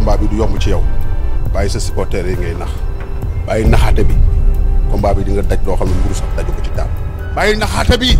combat bi du yomb ci yow bàyyi sa supporter yi ngay nax bàyyi naxaate bi combat bi di nga daj doo xam ne mburu sax daju ko ci daal bàyyi naxaate bi